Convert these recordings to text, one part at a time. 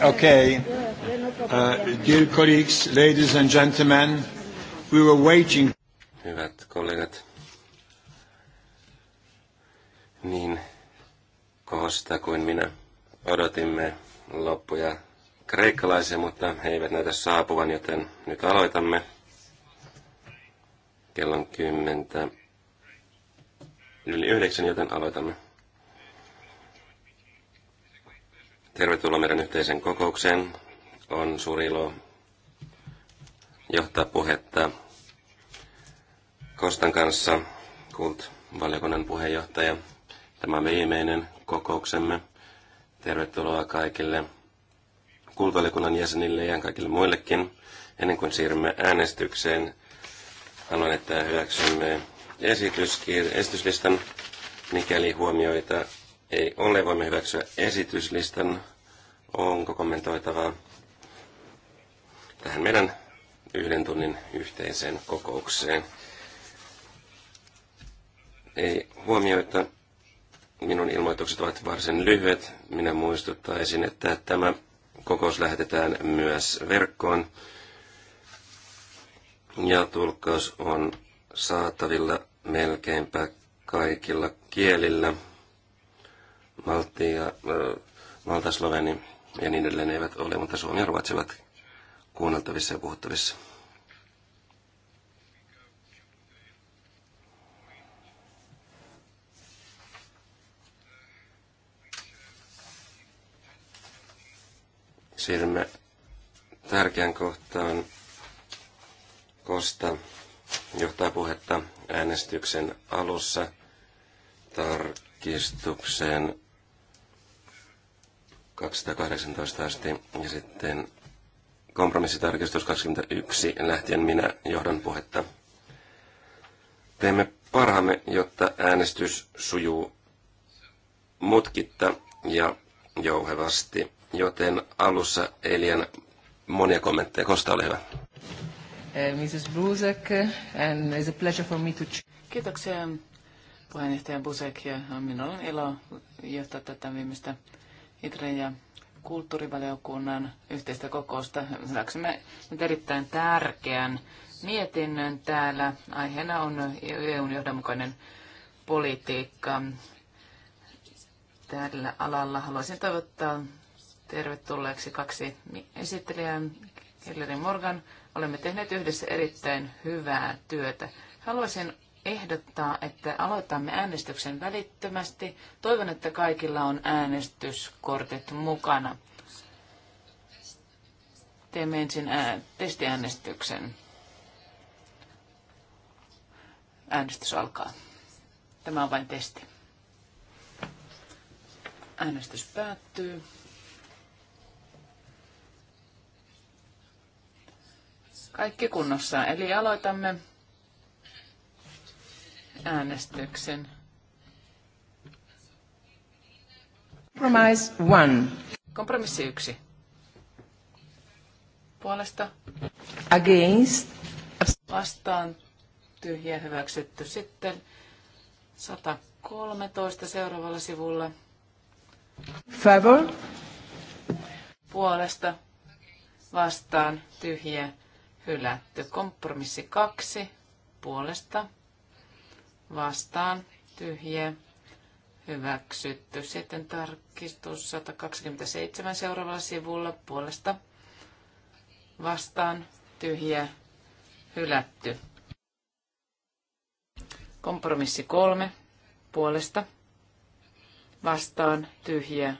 Okay. Uh, dear colleagues, ladies and gentlemen, we were waiting. Hyvät kollegat. Niin kohosta kuin minä odotimme loppuja kreikkalaisia, mutta he eivät näytä saapuvan, joten nyt aloitamme. Kello on kymmentä yli yhdeksän, joten aloitamme. Tervetuloa meidän yhteisen kokoukseen. On suuri ilo johtaa puhetta Kostan kanssa, Kult-valiokunnan puheenjohtaja. Tämä on viimeinen kokouksemme. Tervetuloa kaikille kulttuurikunnan jäsenille ja kaikille muillekin. Ennen kuin siirrymme äänestykseen, haluan, että hyväksymme esityslistan, mikäli huomioita ei ole. Voimme hyväksyä esityslistan. Onko kommentoitavaa tähän meidän yhden tunnin yhteiseen kokoukseen? Ei huomioita. Minun ilmoitukset ovat varsin lyhyet. Minä muistuttaisin, että tämä kokous lähetetään myös verkkoon. Ja tulkkaus on saatavilla melkeinpä kaikilla kielillä ja Malta, Sloveni ja niin edelleen eivät ole, mutta Suomi ja Ruotsi ovat kuunneltavissa ja puhuttavissa. Siirrymme tärkeän kohtaan. Kosta johtaa puhetta äänestyksen alussa tarkistukseen 218 asti ja sitten kompromissitarkistus 21 lähtien minä johdan puhetta. Teemme parhaamme, jotta äänestys sujuu mutkitta ja jouhevasti, joten alussa Elian monia kommentteja. Kosta, ole hyvä. Eh, Mrs. Buzek, and it's a pleasure for me to... Kiitoksia puheenjohtaja Busek ja minulla on ilo johtaa tätä viimeistä Itre ja kulttuurivaliokunnan yhteistä kokousta. Hyväksymme nyt erittäin tärkeän mietinnön täällä. Aiheena on EUn johdonmukainen politiikka. Tällä alalla haluaisin toivottaa tervetulleeksi kaksi esittelijää, Hillary Morgan. Olemme tehneet yhdessä erittäin hyvää työtä. Haluaisin ehdottaa, että aloitamme äänestyksen välittömästi. Toivon, että kaikilla on äänestyskortit mukana. Teemme ensin ää- testiäänestyksen. Äänestys alkaa. Tämä on vain testi. Äänestys päättyy. Kaikki kunnossa, eli aloitamme äänestyksen. Compromise one. Kompromissi yksi. Puolesta. Against. Vastaan tyhjä hyväksytty. Sitten 113 seuraavalla sivulla. Favor. Puolesta. Vastaan tyhjä hylätty. Kompromissi kaksi. Puolesta vastaan tyhjä hyväksytty. Sitten tarkistus 127 seuraavalla sivulla puolesta vastaan tyhjä hylätty. Kompromissi kolme puolesta vastaan tyhjä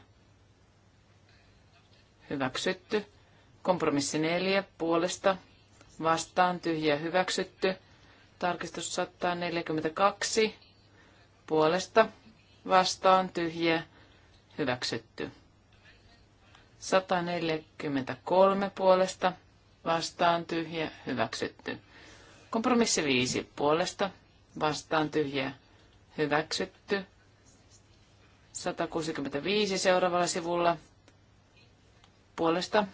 hyväksytty. Kompromissi neljä puolesta vastaan tyhjä hyväksytty. Tarkistus 142 puolesta vastaan tyhjä hyväksytty. 143 puolesta vastaan tyhjä hyväksytty. Kompromissi 5 puolesta vastaan tyhjä hyväksytty. 165 seuraavalla sivulla puolesta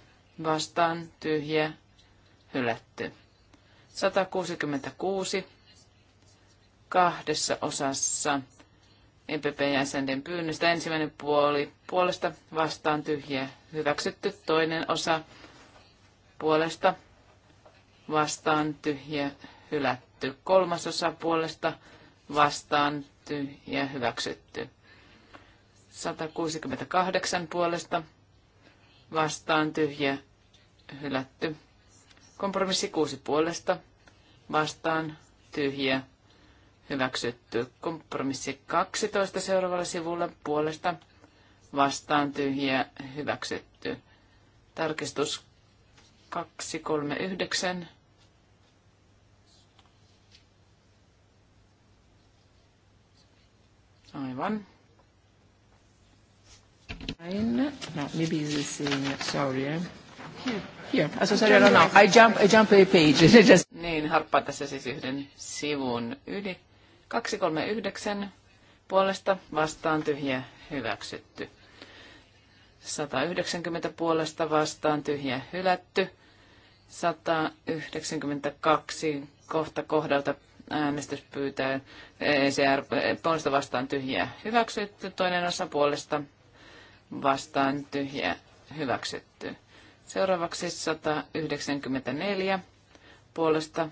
vastaan tyhjä hylätty. 166 kahdessa osassa MPP e jäsenten pyynnöstä. Ensimmäinen puoli puolesta vastaan tyhjä hyväksytty. Toinen osa puolesta vastaan tyhjä hylätty. Kolmas osa puolesta vastaan tyhjä hyväksytty. 168 puolesta vastaan tyhjä hylätty. Kompromissi kuusi puolesta vastaan tyhjä hyväksytty. Kompromissi 12 seuraavalla sivulla puolesta vastaan tyhjä hyväksytty. Tarkistus 239 Aivan. Näin. No, maybe this is, uh, sorry. Eh? Here. As I said, no, I jump, I jump a page. Just... Niin, harppaa tässä siis yhden sivun yli. 239 puolesta vastaan tyhjä hyväksytty. 190 puolesta vastaan tyhjä hylätty. 192 kohta kohdalta äänestys pyytää ECR eh, e eh, puolesta vastaan tyhjä hyväksytty. Toinen osa puolesta vastaan tyhjä hyväksytty. Seuraavaksi 194 puolesta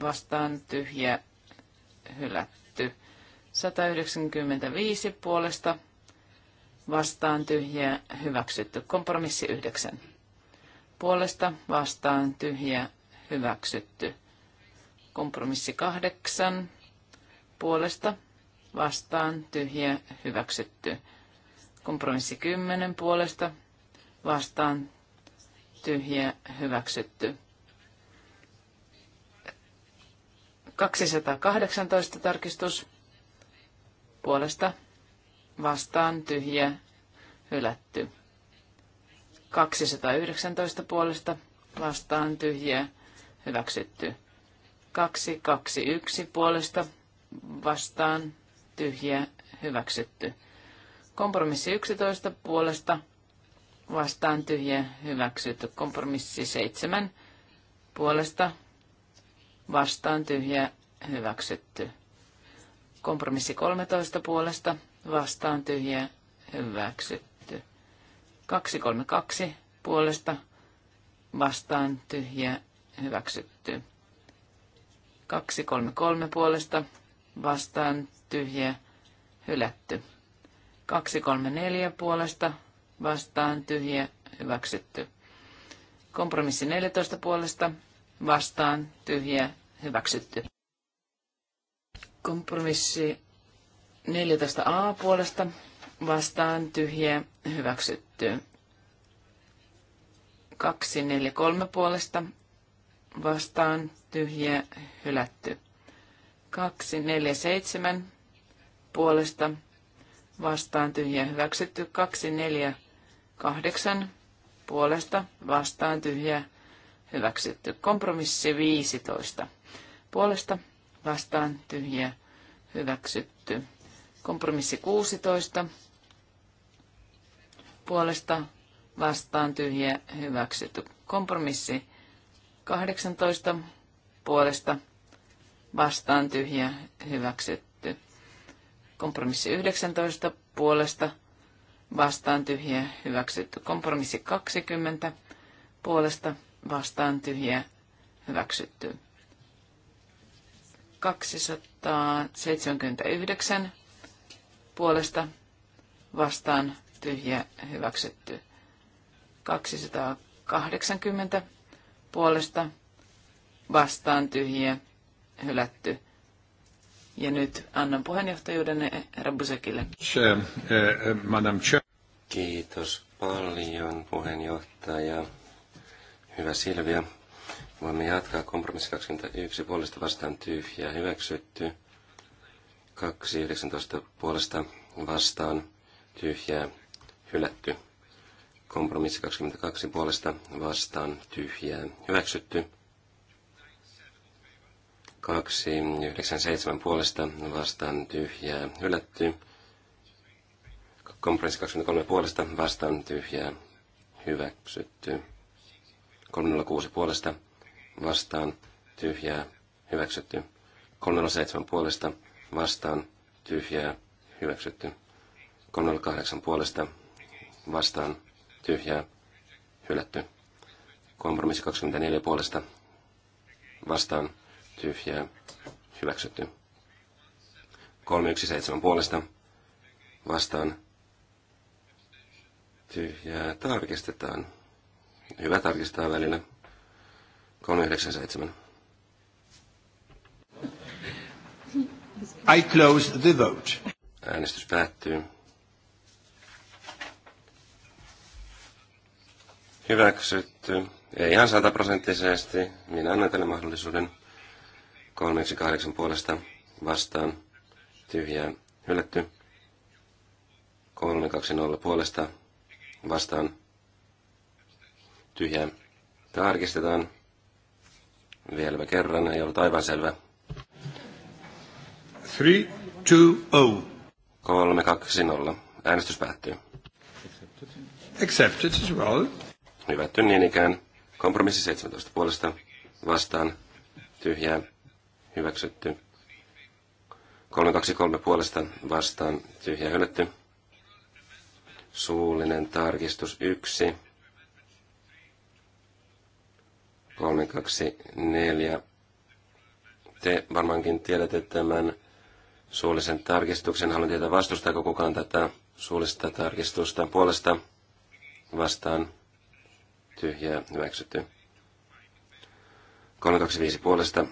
vastaan tyhjä hylätty. 195 puolesta vastaan tyhjä hyväksytty. Kompromissi 9. Puolesta vastaan tyhjä hyväksytty. Kompromissi 8. Puolesta vastaan tyhjä hyväksytty. Kompromissi 10 puolesta vastaan tyhjä hyväksytty. 218 tarkistus puolesta vastaan tyhjä hylätty. 219 puolesta vastaan tyhjä hyväksytty. 221 puolesta vastaan tyhjä hyväksytty. Kompromissi 11 puolesta vastaan tyhjä hyväksytty. Kompromissi seitsemän puolesta vastaan tyhjä hyväksytty. Kompromissi 13 puolesta vastaan tyhjä hyväksytty. 232 puolesta vastaan tyhjä hyväksytty. 233 puolesta vastaan tyhjä hylätty. 234 puolesta vastaan tyhjä hyväksytty. Kompromissi 14 puolesta vastaan tyhjä hyväksytty. Kompromissi 14a puolesta vastaan tyhjä hyväksytty. 243 puolesta vastaan tyhjä hylätty. 247 puolesta vastaan tyhjä hyväksytty. 24 Kahdeksan puolesta vastaan tyhjä hyväksytty. Kompromissi 15 puolesta vastaan tyhjä hyväksytty. Kompromissi 16 puolesta vastaan tyhjä hyväksytty. Kompromissi 18 puolesta vastaan tyhjä hyväksytty. Kompromissi 19 puolesta vastaan tyhjiä hyväksytty. Kompromissi 20 puolesta vastaan tyhjiä hyväksytty. 279 puolesta vastaan tyhjiä hyväksytty. 280 puolesta vastaan tyhjiä hylätty. Ja nyt annan puheenjohtajuuden herra eh, eh, Kiitos paljon puheenjohtaja. Hyvä Silvia. Voimme jatkaa kompromissi 21 puolesta vastaan tyhjää hyväksytty. 219 puolesta vastaan tyhjää hylätty. Kompromissi 22 puolesta vastaan tyhjää hyväksytty kaksi, yhdeksän seitsemän puolesta vastaan tyhjää hylätty. Kompromissi 23 puolesta vastaan tyhjää hyväksytty. 306 puolesta vastaan tyhjää hyväksytty. 307 puolesta vastaan tyhjää hyväksytty. 308 puolesta vastaan tyhjää hylätty. Kompromissi 24 puolesta vastaan tyhjää, hyväksytty. 317 puolesta vastaan tyhjää tarkistetaan. Hyvä tarkistaa välillä. 397. I close the vote. Äänestys päättyy. Hyväksytty. Ei ihan sataprosenttisesti. Minä annan tälle mahdollisuuden. 38 puolesta vastaan tyhjää hylätty. 320 puolesta vastaan tyhjää. Tarkistetaan vielä kerran, ei ollut aivan selvä. 320. Äänestys päättyy. Accepted as well. Hyvätty niin ikään. Kompromissi 17 puolesta vastaan tyhjää hyväksytty. 323 puolesta vastaan tyhjä hylätty. Suullinen tarkistus 1. 324. Te varmaankin tiedätte tämän suullisen tarkistuksen. Haluan tietää, vastustaako kukaan tätä suullista tarkistusta puolesta vastaan tyhjää hyväksytty. 325 puolesta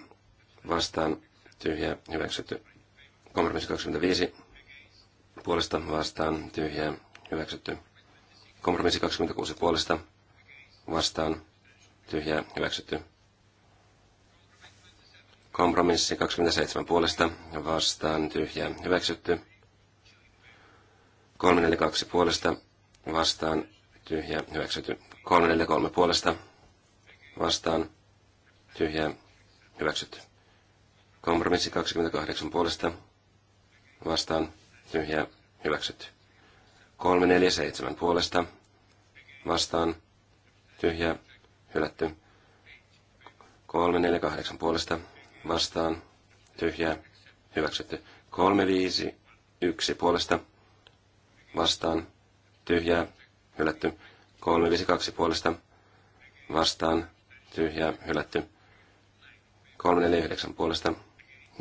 vastaan tyhjä hyväksytty. Kompromissi 25 puolesta vastaan tyhjä hyväksytty. Kompromissi 26 puolesta vastaan tyhjä hyväksytty. Kompromissi 27 puolesta vastaan tyhjä hyväksytty. 342 puolesta vastaan tyhjä hyväksytty. 343 puolesta vastaan tyhjä hyväksytty. Kompromissi 28 puolesta vastaan tyhjä hyväksytty. 347 puolesta vastaan tyhjä hylätty. 348 puolesta vastaan tyhjä hyväksytty. 351 puolesta vastaan tyhjä hylätty. 352 puolesta vastaan tyhjä hylätty. 349 puolesta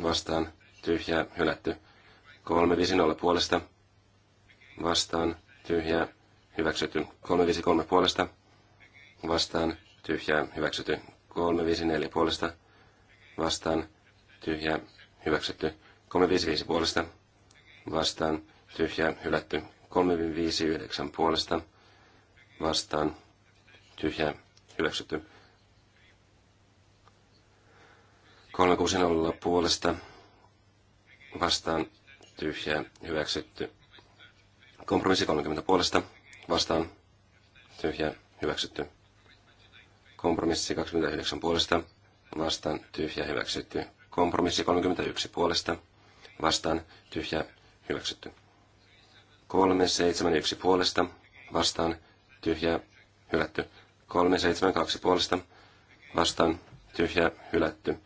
vastaan, tyhjää, hylätty. 350 puolesta, vastaan, tyhjää, hyväksytty. 353 puolesta, vastaan, tyhjää, hyväksytty. 354 puolesta, vastaan, tyhjää, hyväksytty. 355 puolesta, vastaan, tyhjää, hylätty. 359 puolesta, vastaan, tyhjää, hyväksytty. 360 puolesta vastaan tyhjää hyväksytty. Kompromissi 30 puolesta vastaan tyhjää hyväksytty. Kompromissi 29 puolesta vastaan tyhjä hyväksytty. Kompromissi 31 puolesta vastaan tyhjä hyväksytty. 371 puolesta vastaan tyhjä hylätty. 372 puolesta vastaan tyhjä hylätty.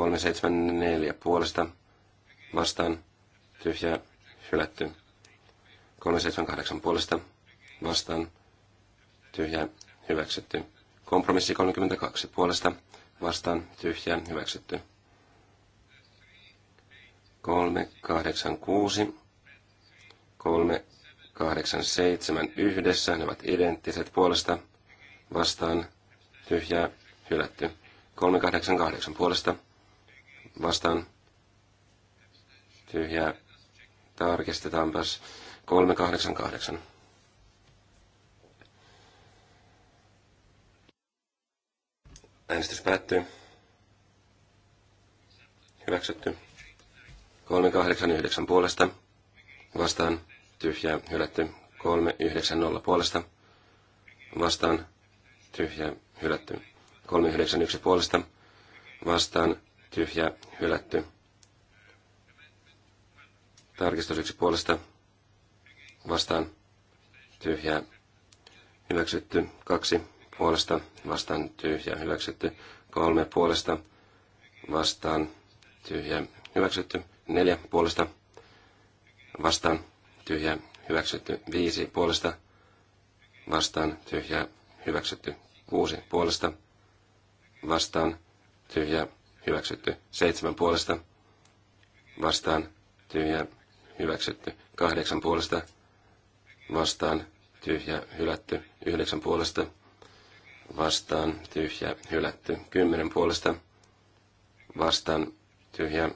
374 puolesta vastaan tyhjä hylätty. 378 puolesta vastaan tyhjä hyväksytty. Kompromissi 32 puolesta vastaan tyhjä hyväksytty. 386, 387 yhdessä, ne ovat identtiset puolesta vastaan tyhjä hylätty. 388 puolesta vastaan tyhjää. Tarkistetaanpas 388. Äänestys päättyy. Hyväksytty. 389 puolesta. Vastaan tyhjää hylätty. 390 puolesta. Vastaan tyhjää hylätty. 391 puolesta. Vastaan tyhjä hylätty. Tarkistus yksi puolesta vastaan tyhjä hyväksytty. Kaksi puolesta vastaan tyhjä hyväksytty. Kolme puolesta vastaan tyhjä hyväksytty. Neljä puolesta vastaan tyhjä hyväksytty. Viisi puolesta vastaan tyhjä hyväksytty. Kuusi puolesta vastaan tyhjä hyväksytty. Seitsemän puolesta vastaan tyhjä hyväksytty. Kahdeksan puolesta vastaan tyhjä hylätty. Yhdeksän puolesta vastaan tyhjä hylätty. Kymmenen puolesta vastaan tyhjä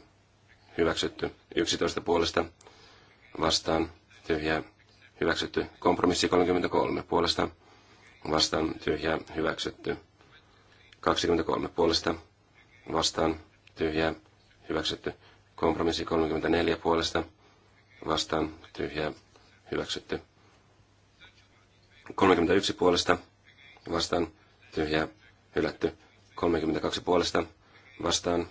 hyväksytty. Yksitoista puolesta vastaan tyhjä hyväksytty. Kompromissi 33 puolesta vastaan tyhjä hyväksytty. 23 puolesta vastaan tyhjää hyväksytty. Kompromissi 34 puolesta vastaan tyhjää hyväksytty. 31 puolesta vastaan tyhjää hylätty. 32 puolesta vastaan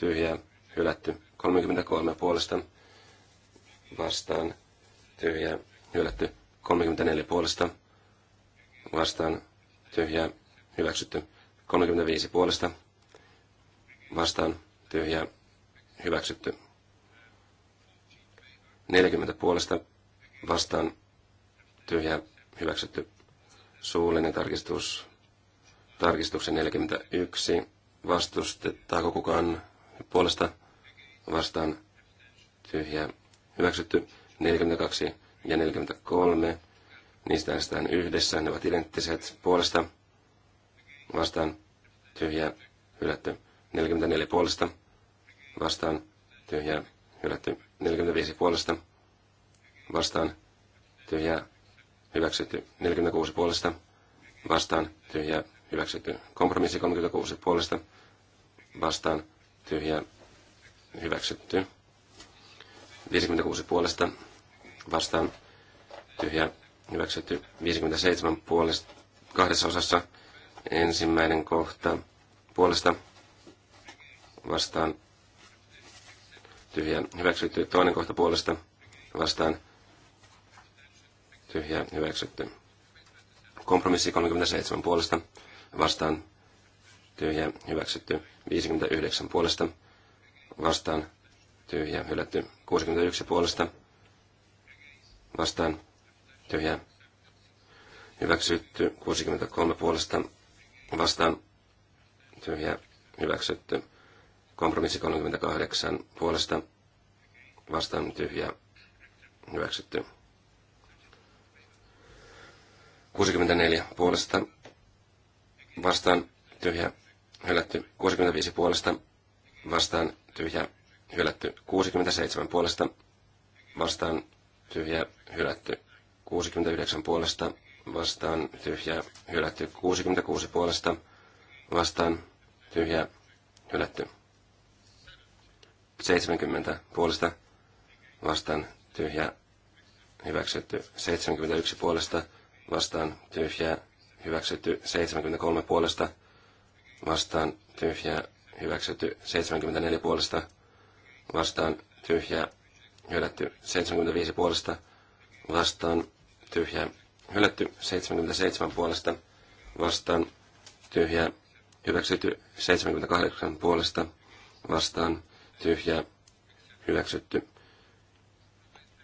tyhjää hylätty. 33 puolesta vastaan tyhjää hylätty. 34 puolesta vastaan tyhjää hyväksytty. 35 puolesta vastaan tyhjä hyväksytty. 40 puolesta vastaan tyhjä hyväksytty. Suullinen tarkistus, tarkistuksen 41. Vastustetaanko kukaan puolesta vastaan tyhjä hyväksytty. 42 ja 43. Niistä äänestetään yhdessä. Ne ovat identtiset puolesta vastaan tyhjä hylätty. 44 puolesta vastaan tyhjää hylätty. 45 puolesta vastaan tyhjää hyväksytty. 46 puolesta vastaan tyhjää hyväksytty. Kompromissi 36 puolesta vastaan tyhjää hyväksytty. 56 puolesta vastaan tyhjä hyväksytty 57 puolesta kahdessa osassa ensimmäinen kohta puolesta vastaan tyhjä hyväksytty. Toinen kohta puolesta vastaan tyhjä hyväksytty. Kompromissi 37 puolesta vastaan tyhjä hyväksytty. 59 puolesta vastaan tyhjä hylätty. 61 puolesta vastaan tyhjä hyväksytty. 63 puolesta vastaan tyhjä hyväksytty. Kompromissi 38 puolesta vastaan tyhjä hyväksytty. 64 puolesta vastaan tyhjä hylätty. 65 puolesta vastaan tyhjä hylätty. 67 puolesta vastaan tyhjä hylätty. 69 puolesta vastaan tyhjä hylätty. 66 puolesta vastaan tyhjä hylätty. 70 puolesta vastaan tyhjä hyväksytty 71 puolesta vastaan tyhjä hyväksytty 73 puolesta vastaan tyhjä hyväksytty 74 puolesta vastaan tyhjä hylätty 75 puolesta vastaan tyhjä hylätty 77 puolesta vastaan tyhjä hyväksytty 78 puolesta vastaan tyhjä hyväksytty.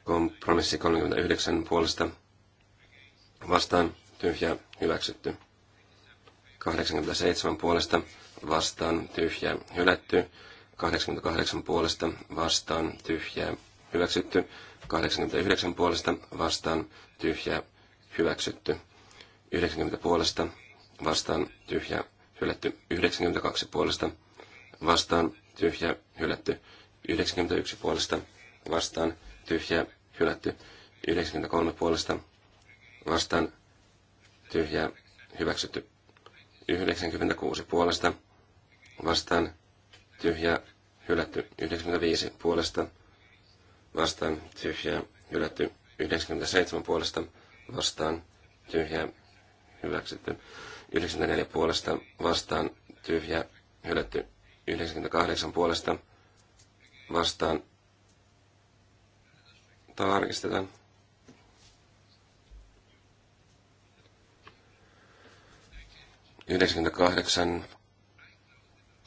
Kompromissi 39 puolesta vastaan tyhjä hyväksytty. 87 puolesta vastaan tyhjä hylätty. 88 puolesta vastaan tyhjä hyväksytty. 89 puolesta vastaan tyhjä hyväksytty. 90 puolesta vastaan tyhjä hylätty. 92 puolesta vastaan tyhjä, hylätty. 91 puolesta vastaan, tyhjä, hylätty. 93 puolesta vastaan, tyhjä, hyväksytty. 96 puolesta vastaan, tyhjä, hylätty. 95 puolesta vastaan, tyhjä, hylätty. 97 puolesta vastaan, tyhjä, hyväksytty. 94 puolesta vastaan, tyhjä, hylätty. 98 puolesta vastaan tarkistetaan. Yhdeksänkymmentäkahdeksan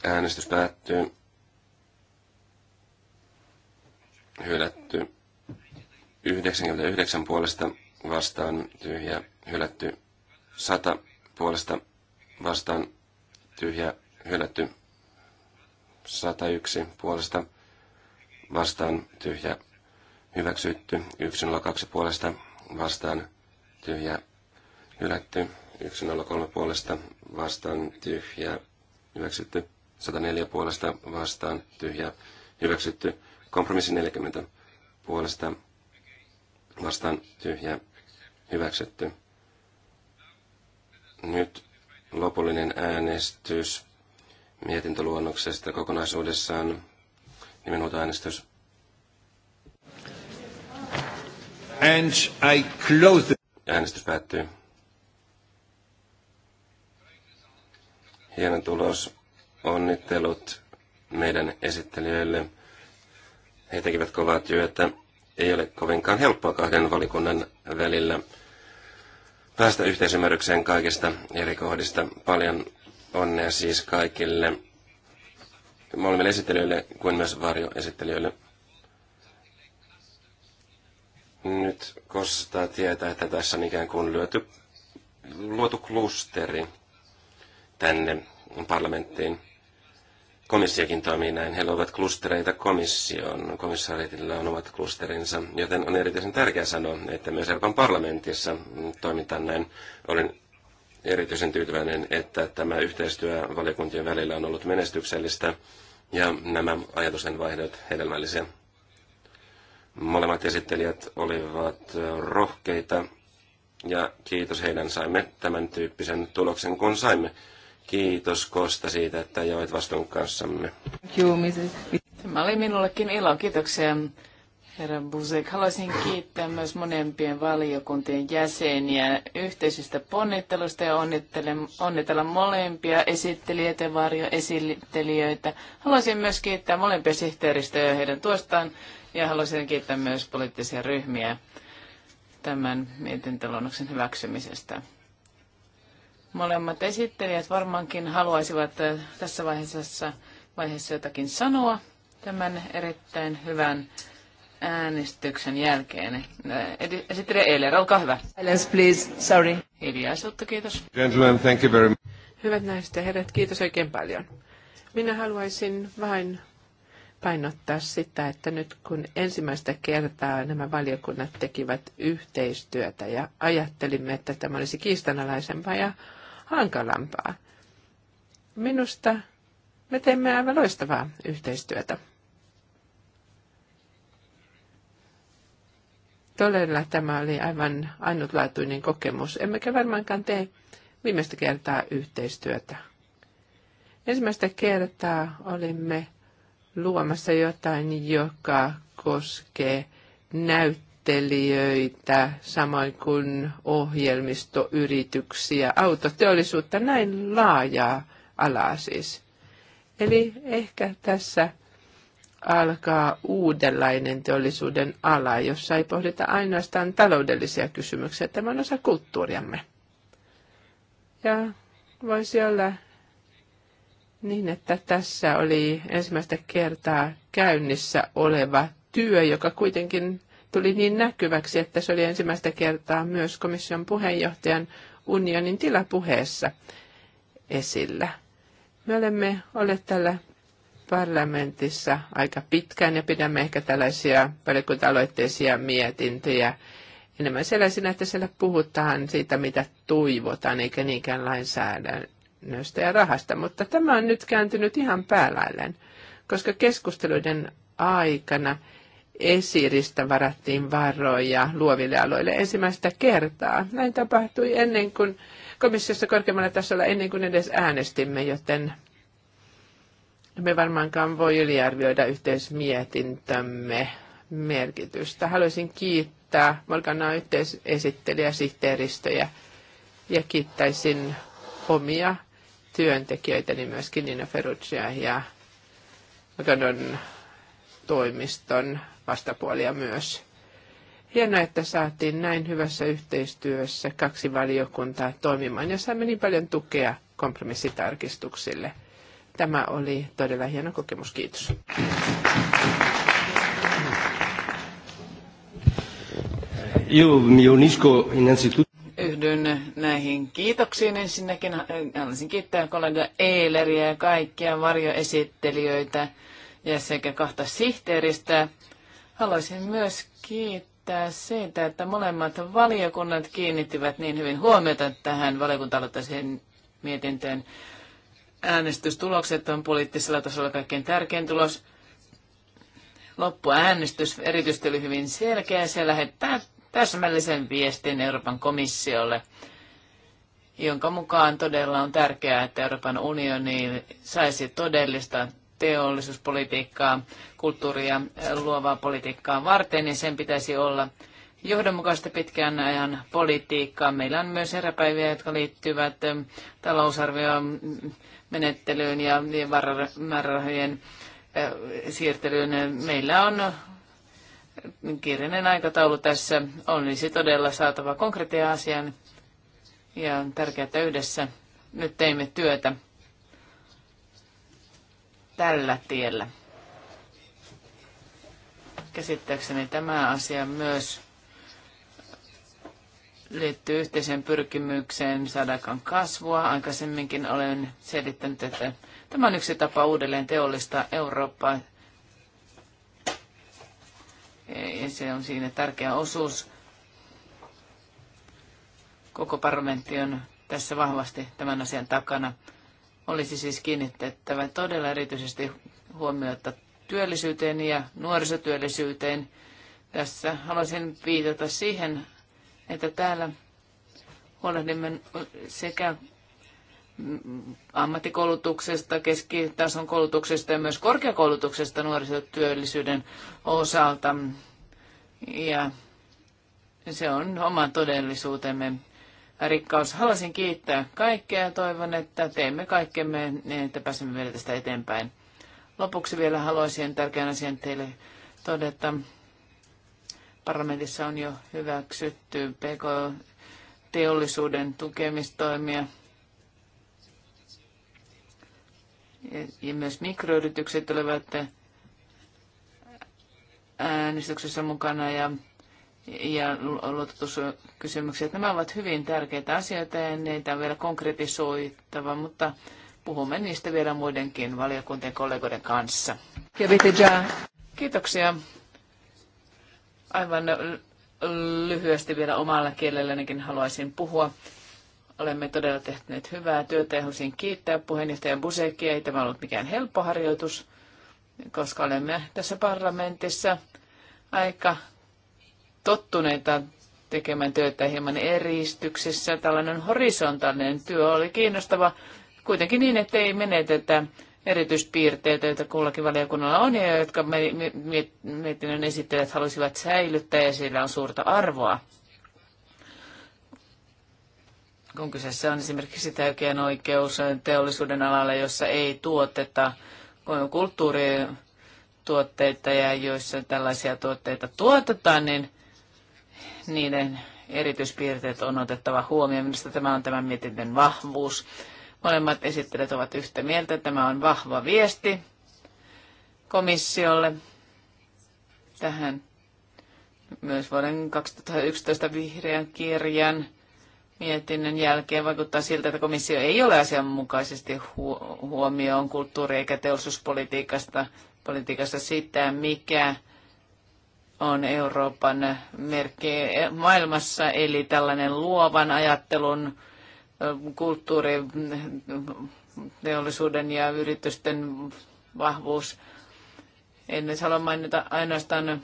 äänestys päättyy. Hylätty. 99 puolesta vastaan tyhjä. Hylätty. 100 puolesta vastaan tyhjä. Hylätty. 101 puolesta vastaan tyhjä hyväksytty. 102 puolesta vastaan tyhjä hylätty. 103 puolesta vastaan tyhjä hyväksytty. 104 puolesta vastaan tyhjä hyväksytty. Kompromissi 40 puolesta vastaan tyhjä hyväksytty. Nyt lopullinen äänestys mietintöluonnoksesta kokonaisuudessaan. Nimenhuutoäänestys. And I close the... Äänestys päättyy. Hieno tulos. Onnittelut meidän esittelijöille. He tekivät kovaa työtä. Ei ole kovinkaan helppoa kahden valikunnan välillä päästä yhteisymmärrykseen kaikista eri kohdista. Paljon Onnea siis kaikille molemmille esittelijöille kuin myös varjoesittelijöille. Nyt kostaa tietää, että tässä on ikään kuin lyöty, luotu klusteri tänne parlamenttiin. Komissiokin toimii näin. Heillä ovat klustereita komissioon. Komissaaritilla on omat klusterinsa, joten on erityisen tärkeää sanoa, että myös Euroopan parlamentissa toimitaan näin. Olen erityisen tyytyväinen, että tämä yhteistyö valiokuntien välillä on ollut menestyksellistä ja nämä ajatusten vaihdot hedelmällisiä. Molemmat esittelijät olivat rohkeita ja kiitos heidän saimme tämän tyyppisen tuloksen, kun saimme. Kiitos Kosta siitä, että joit vastuun kanssamme. Tämä oli minullekin ilo. Kiitoksia Herra Busek, haluaisin kiittää myös monempien valiokuntien jäseniä yhteisestä ponnittelusta ja onnitella molempia esittelijöitä ja varjoesittelijöitä. Haluaisin myös kiittää molempia sihteeristöjä heidän tuostaan ja haluaisin kiittää myös poliittisia ryhmiä tämän mietintöluonnoksen hyväksymisestä. Molemmat esittelijät varmaankin haluaisivat äh, tässä vaiheessa, vaiheessa jotakin sanoa tämän erittäin hyvän äänestyksen jälkeen. Esittele Eiler, olkaa hyvä. Silence, please. Sorry. Hiljaisuutta, kiitos. Gentlemen, thank you very much. Hyvät naiset ja herrat, kiitos oikein paljon. Minä haluaisin vain painottaa sitä, että nyt kun ensimmäistä kertaa nämä valiokunnat tekivät yhteistyötä ja ajattelimme, että tämä olisi kiistanalaisempaa ja hankalampaa. Minusta me teemme aivan loistavaa yhteistyötä. Todella tämä oli aivan ainutlaatuinen kokemus, emmekä varmaankaan tee viimeistä kertaa yhteistyötä. Ensimmäistä kertaa olimme luomassa jotain, joka koskee näyttelijöitä, samoin kuin ohjelmistoyrityksiä, autoteollisuutta, näin laajaa alaa siis. Eli ehkä tässä alkaa uudenlainen teollisuuden ala, jossa ei pohdita ainoastaan taloudellisia kysymyksiä. Tämä on osa kulttuuriamme. Ja voisi olla niin, että tässä oli ensimmäistä kertaa käynnissä oleva työ, joka kuitenkin tuli niin näkyväksi, että se oli ensimmäistä kertaa myös komission puheenjohtajan unionin tilapuheessa esillä. Me olemme olleet tällä parlamentissa aika pitkään ja pidämme ehkä tällaisia valiokunta-aloitteisia mietintöjä enemmän sellaisina, että siellä puhutaan siitä, mitä toivotaan, eikä niinkään lainsäädännöstä ja rahasta. Mutta tämä on nyt kääntynyt ihan päälailleen, koska keskusteluiden aikana esiristä varattiin varoja luoville aloille ensimmäistä kertaa. Näin tapahtui ennen kuin komissiossa korkeammalla tasolla ennen kuin edes äänestimme, joten me varmaankaan voi yliarvioida yhteismietintömme merkitystä. Haluaisin kiittää Morganaa yhteisesittelijä sihteeristöjä ja kiittäisin omia työntekijöitäni myöskin Nina Ferruccia ja Morganon toimiston vastapuolia myös. Hienoa, että saatiin näin hyvässä yhteistyössä kaksi valiokuntaa toimimaan ja saimme niin paljon tukea kompromissitarkistuksille – Tämä oli todella hieno kokemus. Kiitos. yhdyn näihin kiitoksiin. Ensinnäkin haluaisin kiittää kollega Eileriä ja kaikkia varjoesittelijöitä ja sekä kahta sihteeristä. Haluaisin myös kiittää siitä, että molemmat valiokunnat kiinnittivät niin hyvin huomiota tähän valiokunta mietintöön. Äänestystulokset on poliittisella tasolla kaikkein tärkein tulos. Loppuäänestys erityisesti oli hyvin selkeä. Se lähettää täsmällisen viestin Euroopan komissiolle, jonka mukaan todella on tärkeää, että Euroopan unioni saisi todellista teollisuuspolitiikkaa, kulttuuria, luovaa politiikkaa varten, ja sen pitäisi olla – johdonmukaista pitkän ajan politiikkaa. Meillä on myös eräpäiviä, jotka liittyvät ähm, talousarvioon menettelyyn ja määrärahojen äh, siirtelyyn. Meillä on kiireinen aikataulu tässä. Olisi todella saatava konkreettia asian ja on tärkeää, että yhdessä nyt teimme työtä tällä tiellä. Käsittääkseni tämä asia myös liittyy yhteiseen pyrkimykseen saadaan kasvua. Aikaisemminkin olen selittänyt, että tämä on yksi tapa uudelleen teollista Eurooppaa. Ja se on siinä tärkeä osuus. Koko parlamentti on tässä vahvasti tämän asian takana. Olisi siis kiinnitettävä todella erityisesti huomiota työllisyyteen ja nuorisotyöllisyyteen. Tässä haluaisin viitata siihen että täällä huolehdimme sekä ammattikoulutuksesta, keskitason koulutuksesta ja myös korkeakoulutuksesta nuorisotyöllisyyden osalta. Ja se on oma todellisuutemme rikkaus. Haluaisin kiittää kaikkea ja toivon, että teemme kaikkemme niin, että pääsemme vielä tästä eteenpäin. Lopuksi vielä haluaisin tärkeän asian teille todeta. Parlamentissa on jo hyväksytty PK-teollisuuden tukemistoimia. Ja myös mikroyritykset olivat äänestyksessä mukana ja, ja luototuskysymykset. Nämä ovat hyvin tärkeitä asioita ja niitä on vielä konkretisoitava, mutta puhumme niistä vielä muidenkin valiokuntien kollegoiden kanssa. Kiitoksia. Aivan lyhyesti vielä omalla kielellänikin haluaisin puhua. Olemme todella tehneet hyvää työtä ja haluaisin kiittää puheenjohtajan Busekia. Ei tämä ollut mikään helppo harjoitus, koska olemme tässä parlamentissa aika tottuneita tekemään työtä hieman eristyksessä. Tällainen horisontaalinen työ oli kiinnostava kuitenkin niin, että ei menetetä erityispiirteitä, joita kullakin valiokunnalla on ja jotka mietinnön esittelijät halusivat säilyttää ja sillä on suurta arvoa. Kun kyseessä on esimerkiksi tärkeän oikeus teollisuuden alalle, jossa ei tuoteta kulttuurituotteita ja joissa tällaisia tuotteita tuotetaan, niin niiden erityispiirteet on otettava huomioon. Minusta tämä on tämän mietinnön vahvuus. Molemmat esittelijät ovat yhtä mieltä. Tämä on vahva viesti komissiolle tähän myös vuoden 2011 vihreän kirjan mietinnön jälkeen vaikuttaa siltä, että komissio ei ole asianmukaisesti huomioon kulttuuri- eikä teollisuuspolitiikasta politiikassa sitä, mikä on Euroopan merkki maailmassa, eli tällainen luovan ajattelun kulttuuriteollisuuden ja yritysten vahvuus. En nyt halua mainita ainoastaan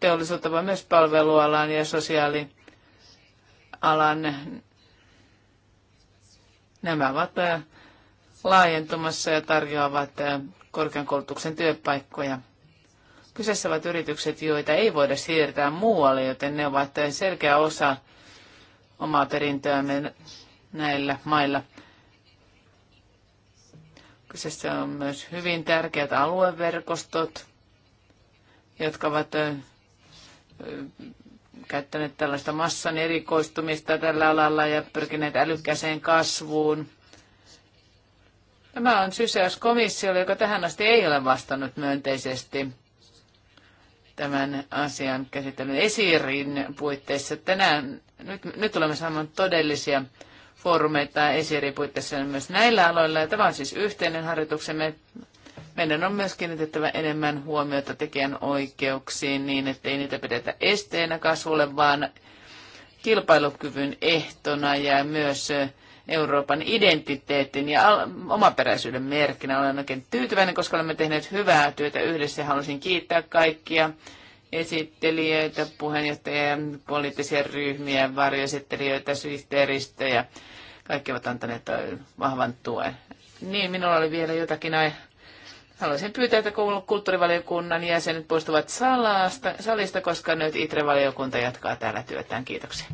teollisuutta, vaan myös palvelualan ja sosiaalialan. Nämä ovat äh, laajentumassa ja tarjoavat äh, korkean koulutuksen työpaikkoja. Kyseessä ovat yritykset, joita ei voida siirtää muualle, joten ne ovat äh, selkeä osa omaa perintöämme näillä mailla. Kyseessä on myös hyvin tärkeät alueverkostot, jotka ovat käyttäneet tällaista massan erikoistumista tällä alalla ja pyrkineet älykkäiseen kasvuun. Tämä on sysäys komissiolle, joka tähän asti ei ole vastannut myönteisesti tämän asian käsittelyn esirin puitteissa. Tänään nyt, nyt olemme saaneet todellisia foorumeita esiriin myös näillä aloilla. Ja tämä on siis yhteinen harjoituksemme. Meidän on myös kiinnitettävä enemmän huomiota tekijän oikeuksiin niin, ei niitä pidetä esteenä kasvulle, vaan kilpailukyvyn ehtona ja myös Euroopan identiteetin ja omaperäisyyden merkkinä. Olen oikein tyytyväinen, koska olemme tehneet hyvää työtä yhdessä. Haluaisin kiittää kaikkia esittelijöitä, puheenjohtajia, poliittisia ryhmiä, varjoesittelijöitä, syhteeristöjä. Kaikki ovat antaneet vahvan tuen. Niin, minulla oli vielä jotakin aihe. Haluaisin pyytää, että kulttuurivaliokunnan jäsenet poistuvat salasta, salista, koska nyt ITRE-valiokunta jatkaa täällä työtään. Kiitoksia.